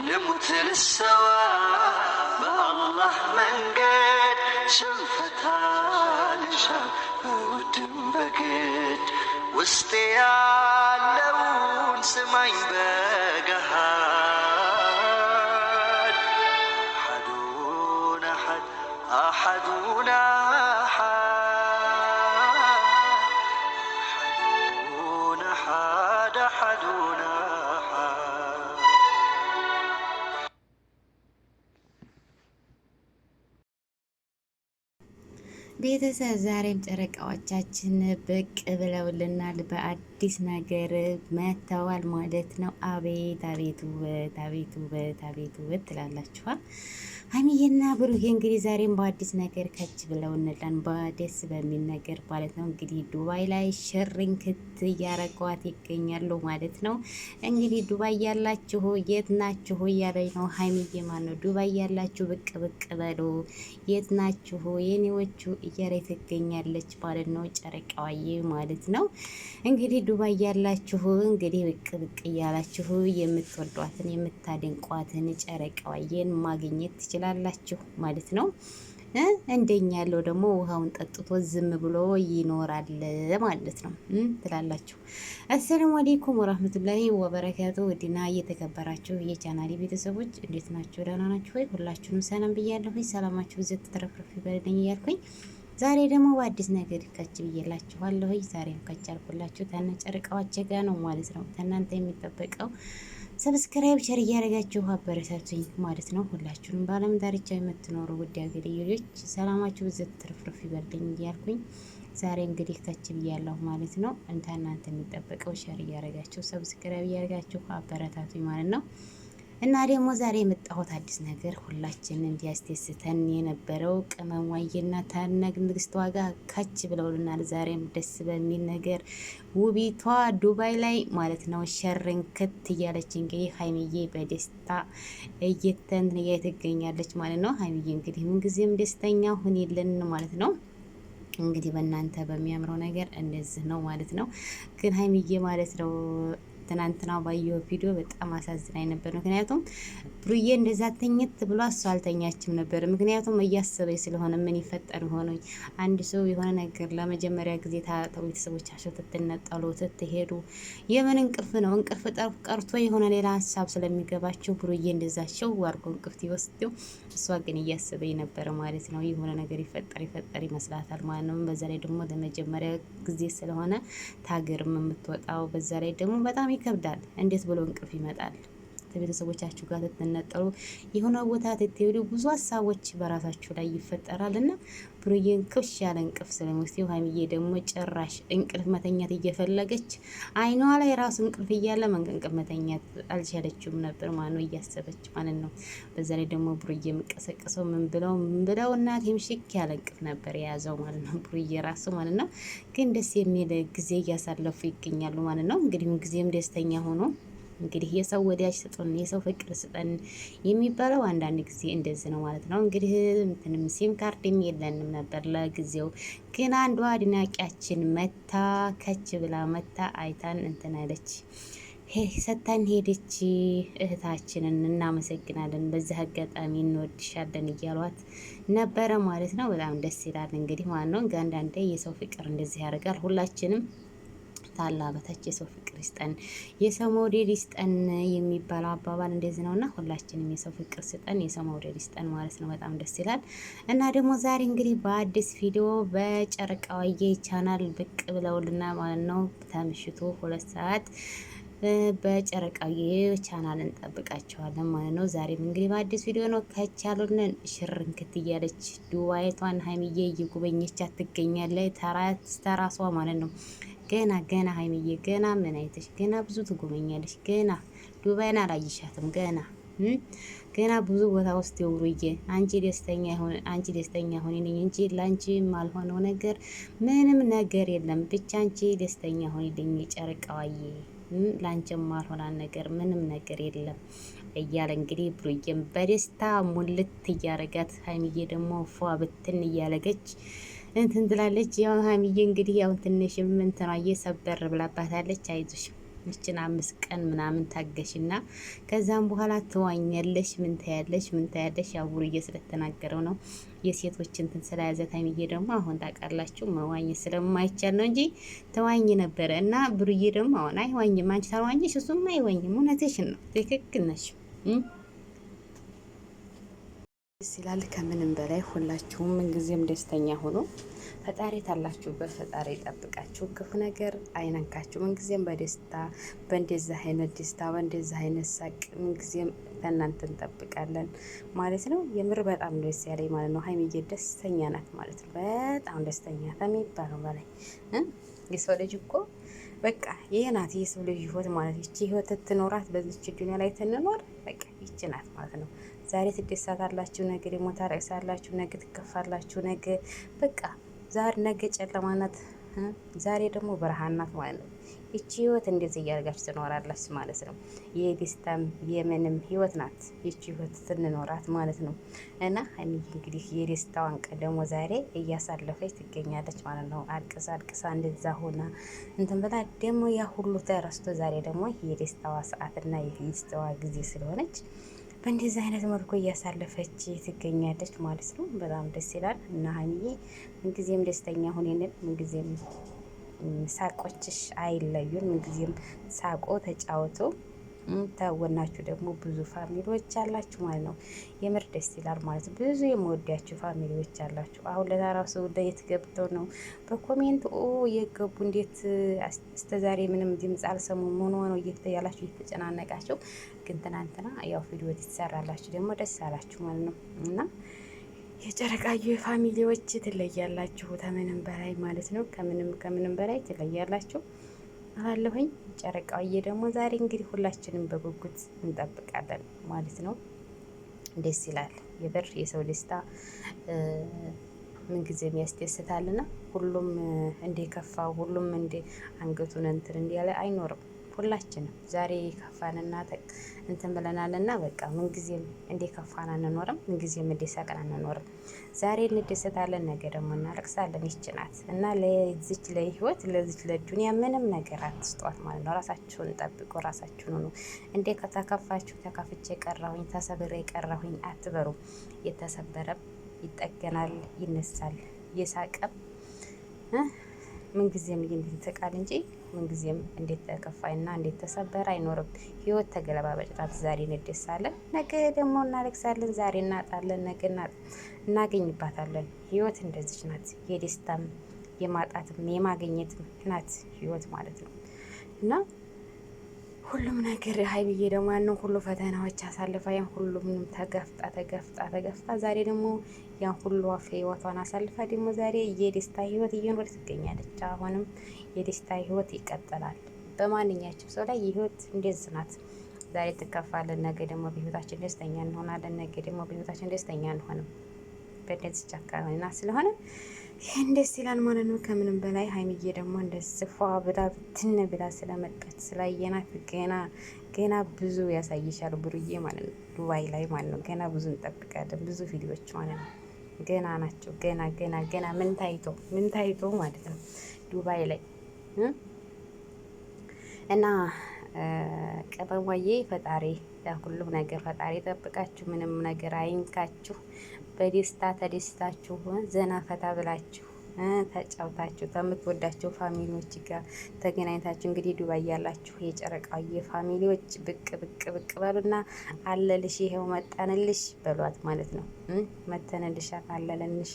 لمت للسواب الله من قد شفتها لشاف ودم بقيت وسطي لون سما يبان ቤተሰብ ዛሬም ጨረቃዎቻችን ብቅ ብለውልናል በአዲስ አዲስ ነገር መተዋል ማለት ነው። አቤት አቤት ውበት፣ አቤት ውበት፣ አቤት ውበት ትላላችኋል። ሀይሚዬና ብሩኬ እንግዲህ ዛሬም በአዲስ ነገር ከች ብለው እንላን በደስ በሚል ነገር ማለት ነው። እንግዲህ ዱባይ ላይ ክት እያረጓት ይገኛሉ ማለት ነው። እንግዲህ ዱባይ ያላችሁ የት ናችሁ እያለኝ ነው ሀይሚዬ ማለት ነው። ዱባይ ያላችሁ ብቅ ብቅ በሉ የት ናችሁ የኔዎቹ እያለኝ ትገኛለች ማለት ነው። ጨረቃዋዬ ማለት ነው እንግዲህ ዱባይ ያላችሁ እንግዲህ ብቅ ብቅ እያላችሁ የምትወዷትን የምታደንቋትን ጨረቃዋየን ማግኘት ትችላላችሁ ማለት ነው። እንደኛ ያለው ደግሞ ውሃውን ጠጥቶ ዝም ብሎ ይኖራል ማለት ነው ትላላችሁ። አሰላሙ አሌይኩም ወራህመቱላሂ ወበረካቱ። ውድና እየተከበራችሁ የቻናሌ ቤተሰቦች እንዴት ናችሁ? ደህና ናችሁ ወይ? ሁላችሁንም ሰላም ብያለሁኝ። ሰላማችሁ ዘት ተረፍረፍ ይበልልኝ እያልኩኝ ዛሬ ደግሞ በአዲስ ነገር ከች ብዬላችኋለሁ። ዛሬም ከች አልኩላችሁ ተነ ጨርቃዎች ጋ ነው ማለት ነው። ተናንተ የሚጠበቀው ሰብስክራይብ፣ ሸር እያደረጋችሁ አበረታቱኝ ማለት ነው። ሁላችሁንም በዓለም ዳርቻ የምትኖሩ ውድ ሀገሬ ልጆች ሰላማችሁ ብዘት ትርፍርፍ ይበልኝ እያልኩኝ ዛሬ እንግዲህ ከች ብያለሁ ማለት ነው። እንታናንተ የሚጠበቀው ሸር እያደረጋችሁ ሰብስክራይብ እያደረጋችሁ አበረታቱኝ ማለት ነው። እና ደግሞ ዛሬ የመጣሁት አዲስ ነገር ሁላችን እንዲያስደስተን የነበረው ቅመሟዬና ታናግ ንግስት ዋጋ ካች ብለውልናል። ዛሬም ደስ በሚል ነገር ውቢቷ ዱባይ ላይ ማለት ነው ሸርን ክት እያለች እንግዲህ ሀይሚዬ በደስታ እየተን ትገኛለች ማለት ነው። ሀይሚዬ እንግዲህ ምንጊዜም ደስተኛ ሁኔልን ማለት ነው። እንግዲህ በእናንተ በሚያምረው ነገር እንደዚህ ነው ማለት ነው። ግን ሀይሚዬ ማለት ነው ትናንትና ባየው ቪዲዮ በጣም አሳዝናኝ ነበር። ምክንያቱም ብሩዬ እንደዛ ተኝት ብሎ እሷ አልተኛችም ነበር። ምክንያቱም እያሰበኝ ስለሆነ ምን ይፈጠር ሆኖኝ አንድ ሰው የሆነ ነገር ለመጀመሪያ ጊዜ ቤተሰቦቻቸው ትትነጠሉ ትትሄዱ የምን እንቅልፍ ነው? እንቅልፍ ቀርቶ የሆነ ሌላ ሀሳብ ስለሚገባቸው ብሩዬ እንደዛቸው አድርጎ እንቅልፍ ይወስደው። እሷ ግን እያሰበኝ ነበር ማለት ነው። የሆነ ነገር ይፈጠር ይፈጠር ይመስላታል ማለት ነው። በዛ ላይ ደግሞ ለመጀመሪያ ጊዜ ስለሆነ ታገርም የምትወጣው በዛ ላይ ደግሞ በጣም ይከብዳል። እንዴት ብሎ እንቅልፍ ይመጣል? ቤተሰቦቻችሁ ጋር ትትነጠሩ የሆነ ቦታ ትትሄዱ ብዙ ሀሳቦች በራሳችሁ ላይ ይፈጠራል እና ብሩዬን ክብሽ ያለ እንቅልፍ ስለሚወስደው ሀይሚዬ ደግሞ ጭራሽ እንቅልፍ መተኛት እየፈለገች አይኗ ላይ ራሱ እንቅልፍ እያለ መንገ እንቅልፍ መተኛት አልቻለችውም ነበር ማለት ነው፣ እያሰበች ማለት ነው። በዛ ላይ ደግሞ ብሩዬ የምቀሰቀሰው ምን ብለው ምን ብለው እናት ምሽክ ያለ እንቅልፍ ነበር የያዘው ማለት ነው፣ ብሩዬ ራሱ ማለት ነው። ግን ደስ የሚል ጊዜ እያሳለፉ ይገኛሉ ማለት ነው። እንግዲህም ጊዜም ደስተኛ ሆኖ እንግዲህ የሰው ወዳጅ ስጡን፣ የሰው ፍቅር ስጠን የሚባለው አንዳንድ ጊዜ እንደዚህ ነው ማለት ነው። እንግዲህ እንትንም ሲም ካርድም የለንም ነበር ለጊዜው። ግን አንዷ አድናቂያችን መታ ከች ብላ መታ አይታን እንትን አለች ሰታን ሄደች። እህታችንን እናመሰግናለን፣ በዚህ አጋጣሚ እንወድሻለን እያሏት ነበረ ማለት ነው። በጣም ደስ ይላል እንግዲህ ማለት ነው። አንዳንዴ የሰው ፍቅር እንደዚህ ያደርጋል ሁላችንም አላ በታች የሰው ፍቅር ይስጠን፣ የሰው መውደድ ይስጠን የሚባለው አባባል እንደዚህ ነው እና ሁላችንም የሰው ፍቅር ስጠን፣ የሰው መውደድ ይስጠን ማለት ነው። በጣም ደስ ይላል እና ደግሞ ዛሬ እንግዲህ በአዲስ ቪዲዮ በጨረቃዋዬ ቻናል ብቅ ብለውልና ማለት ነው ከምሽቱ ሁለት ሰዓት በጨረቃዬ ቻናል እንጠብቃቸዋለን ማለት ነው። ዛሬም እንግዲህ በአዲስ ቪዲዮ ነው ከቻሉልን ሽርንክት እያለች ዱባይቷን ሀይሚዬ እየጎበኘቻት ትገኛለች። ተራ ተራሷ ማለት ነው ገና ገና ሀይሚዬ ገና ምን አይተሽ ገና ብዙ ትጎበኛለሽ። ገና ዱባይን አላይሻትም። ገና ገና ብዙ ቦታ ውስጥ የውሩዬ አንቺ ደስተኛ ሆነ አንቺ ደስተኛ ሆኔ ነኝ እንጂ ለአንቺ የማልሆነው ነገር ምንም ነገር የለም። ብቻ አንቺ ደስተኛ ሆኔልኝ ጨርቀዋዬ ለአንቺ የማልሆና ነገር ምንም ነገር የለም እያለ እንግዲህ ብሩዬም በደስታ ሙልት እያረጋት ሀይሚዬ ደግሞ ፏ ብትን እያለገች እንትን ትላለች። ያው ሀሚዬ እንግዲህ ያው ትንሽ ምንትኗ እየሰበር ብላባታለች። አይዞሽ ይችን አምስት ቀን ምናምን ታገሽና ከዛም በኋላ ትዋኛለሽ። ምን ታያለሽ? ምን ታያለሽ? ያው ቡርዬ ስለተናገረው ነው የሴቶች እንትን ስለያዘ ታይምዬ ደግሞ አሁን ታውቃላችሁ መዋኝ ስለማይቻል ነው እንጂ ተዋኝ ነበረ እና ብሩዬ ደግሞ አሁን አይዋኝም። አንቺ ታዋኝሽ፣ እሱም አይዋኝም። እውነትሽን ነው፣ ትክክል ነሽ። ደስ ይላል ከምንም በላይ ሁላችሁም ምንጊዜም ደስተኛ ሆኖ ፈጣሪ ታላችሁበት ፈጣሪ ይጠብቃችሁ፣ ክፉ ነገር አይነካችሁ። ምንጊዜም በደስታ በእንደዛ አይነት ደስታ በእንደዛ አይነት ሳቅ ምንጊዜም ለእናንተ እንጠብቃለን ማለት ነው። የምር በጣም ደስ ያለኝ ማለት ነው። ሀይሚዬ ደስተኛ ናት ማለት ነው። በጣም ደስተኛ ከሚባለው በላይ የሰው ልጅ እኮ በቃ ይህ ናት የሰው ልጅ ህይወት ማለት ይቺ ህይወት ትኖራት በዚች ዱኒያ ላይ ትንኖር በቃ ይቺ ናት ማለት ነው። ዛሬ ትደሳታላችሁ ነገ ደግሞ ታረቅሳላችሁ፣ ነገ ትከፋላችሁ። ነገ በቃ ዛሬ ነገ ጨለማ ናት፣ ዛሬ ደግሞ ብርሃን ናት ማለት ነው። ይቺ ህይወት እንደዚህ እያደርጋችሁ ትኖራላች ማለት ነው። የደስታም የምንም ህይወት ናት ይቺ ህይወት ስንኖራት ማለት ነው። እና እንግዲህ የደስታዋን ቀን ደግሞ ዛሬ እያሳለፈች ትገኛለች ማለት ነው። አልቅሳ አልቅሳ እንደዛ ሆና እንትን ብላ ደግሞ ያ ሁሉ ተረስቶ ዛሬ ደግሞ የደስታዋ ሰዓትና የደስታዋ ጊዜ ስለሆነች በእንደዚህ አይነት መልኩ እያሳለፈች ትገኛለች ማለት ነው። በጣም ደስ ይላል እና ሀይሚዬ ምንጊዜም ደስተኛ ሁኔንን ምንጊዜም ሳቆችሽ አይለዩን ምንጊዜም ሳቆ ተጫወቶ የምታወናችሁ ደግሞ ብዙ ፋሚሊዎች አላችሁ ማለት ነው። የምር ደስ ይላል ማለት ነው። ብዙ የምወዳችሁ ፋሚሊዎች አላችሁ። አሁን ሰው ለየት ገብተው ነው በኮሜንት ኦ የገቡ እንዴት እስተዛሬ ምንም ድምፅ አልሰሙም ሆኖ ነው እየተያላችሁ እየተጨናነቃችሁ፣ ግን ትናንትና ያው ቪዲዮ ትሰራላችሁ ደግሞ ደስ አላችሁ ማለት ነው እና የጨረቃዩ ፋሚሊዎች ትለያላችሁ ከምንም በላይ ማለት ነው። ከምንም ከምንም በላይ ትለያላችሁ። አለሁኝ። ጨረቃዬ ደግሞ ዛሬ እንግዲህ ሁላችንም በጉጉት እንጠብቃለን ማለት ነው። ደስ ይላል። የበር የሰው ደስታ ምንጊዜም ያስደስታልና ሁሉም እንደከፋ ሁሉም እንደ አንገቱን እንትን እንዲያለ አይኖርም። ሁላችንም ዛሬ ከፋንና ተቅ እንትን እና በቃ ምንጊዜም እንዴ ከፋን አንኖርም፣ ምንጊዜም እንዴ ሳቅን አንኖርም። ዛሬ እንደሰታለን፣ ነገ ደግሞ እናለቅሳለን። ይችናት እና ለዚች ለህይወት ለዚች ለዱንያ ምንም ነገር አትስጧት ማለት ነው። ራሳችሁን ጠብቁ፣ ራሳችሁን ሁኑ። እንዴ ከተከፋችሁ ተከፍቼ ቀራሁኝ ተሰብሬ ቀራሁኝ አትበሩ። የተሰበረም ይጠገናል፣ ይነሳል። የሳቀም ምንጊዜም እንድትቃል እንጂ ምንጊዜም እንዴት ተከፋይና እንዴት ተሰበረ አይኖርም። ህይወት ተገለባበጭ ናት። ዛሬ እንደሳለን፣ ነገ ደግሞ እናለቅሳለን። ዛሬ እናጣለን፣ ነገ እናገኝባታለን። ህይወት እንደዚች ናት። የደስታም የማጣትም የማገኘትም ናት ህይወት ማለት ነው እና ሁሉም ነገር ሀይሚዬ ደግሞ ያንን ሁሉ ፈተናዎች አሳልፋ ያን ሁሉም ተገፍጣ ተገፍጣ ተገፍጣ ዛሬ ደግሞ ያን ሁሉ ህይወቷን አሳልፋ ደግሞ ዛሬ የደስታ ህይወት እየኖር ትገኛለች። አሁንም የደስታ ህይወት ይቀጥላል። በማንኛችም ሰው ላይ የህይወት እንደዚህ ናት። ዛሬ ትከፋለን፣ ነገ ደግሞ በህይወታችን ደስተኛ እንሆናለን፣ ነገ ደግሞ በህይወታችን ደስተኛ እንሆንም። ጫካ ቻካ ስለሆነ ይህን ደስ ይላል ማለት ነው። ከምንም በላይ ሀይሚዬ ደግሞ እንደ ስፋ ብላ ብትን ብላ ስለመጣች ስላየናት ገና ገና ብዙ ያሳይሻል ብሩዬ ማለት ነው። ዱባይ ላይ ማለት ነው። ገና ብዙ እንጠብቃለን። ብዙ ቪዲዮዎች ማለት ነው። ገና ናቸው። ገና ገና ገና ምን ታይቶ ምን ታይቶ ማለት ነው ዱባይ ላይ እና ቀበዋዬ ፈጣሪ ሁሉም ነገር ፈጣሪ ጠብቃችሁ፣ ምንም ነገር አይንካችሁ። በደስታ ተደስታችሁ ዘና ፈታ ብላችሁ ተጫውታችሁ ከምትወዳቸው ፋሚሊዎች ጋር ተገናኝታችሁ እንግዲህ ዱባይ ያላችሁ የጨረቃዬ ፋሚሊዎች ብቅ ብቅ ብቅ በሉና አለልሽ፣ ይሄው መጠንልሽ በሏት ማለት ነው። መተንልሻት አለለንሽ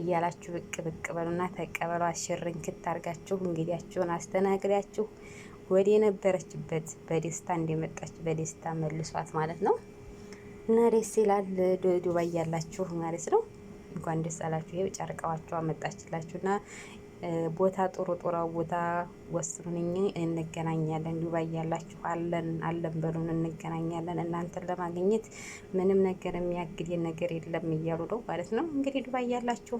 እያላችሁ ብቅ ብቅ በሉና ተቀበሉ። አሸርን ክታርጋችሁ እንግዲያችሁን አስተናግዳችሁ ወደ የነበረችበት በደስታ እንደመጣች በደስታ መልሷት ማለት ነው። እና ደስ ይላል። ዱባይ ያላችሁ ማለት ነው እንኳን ደስ አላችሁ። ይኸው ጨርቃዋችሁ አመጣችላችሁ እና ቦታ ጥሩ ጥሩ ቦታ ወስኑኝ፣ እንገናኛለን። ዱባይ ያላችሁ አለን አለን በሉን፣ እንገናኛለን። እናንተን ለማግኘት ምንም ነገር የሚያግድ ነገር የለም እያሉ ነው ማለት ነው። እንግዲህ ዱባይ ያላችሁ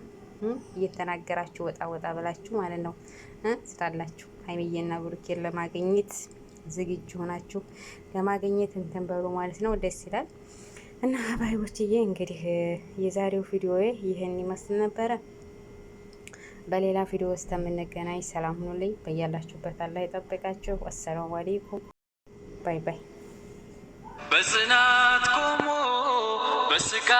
እየተናገራችሁ ወጣ ወጣ ብላችሁ ማለት ነው ስላላችሁ ሀይሚዬና ብሩኬን ለማግኘት ዝግጁ ሆናችሁ ለማግኘት እንትን በሉ ማለት ነው። ደስ ይላል። እና ሀባይቦችዬ እንግዲህ የዛሬው ቪዲዮ ይህን ይመስል ነበረ። በሌላ ቪዲዮ ውስጥ የምንገናኝ። ሰላም ሁኑልኝ። በያላችሁበት አላህ ይጠብቃችሁ። አሰላሙ አሌይኩም። ባይ ባይ። በጽናት ቆሞ በስቃ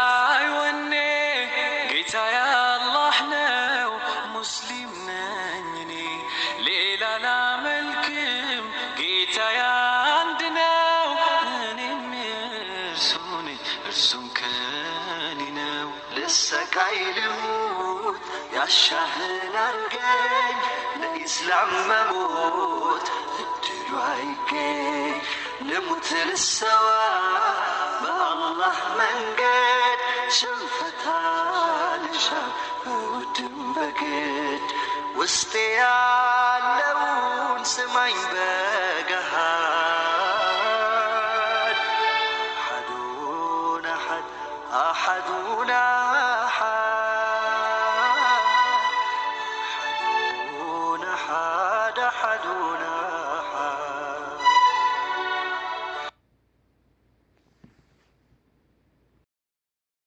الهوت يا الشهلة الجاي لإسلام مموت موت قلتلو هيجي نموت للسوا ما الله من جد شنفتا لشام ودم بجد وسطي اللون سمعي بجهاد أحدون أحد أحدنا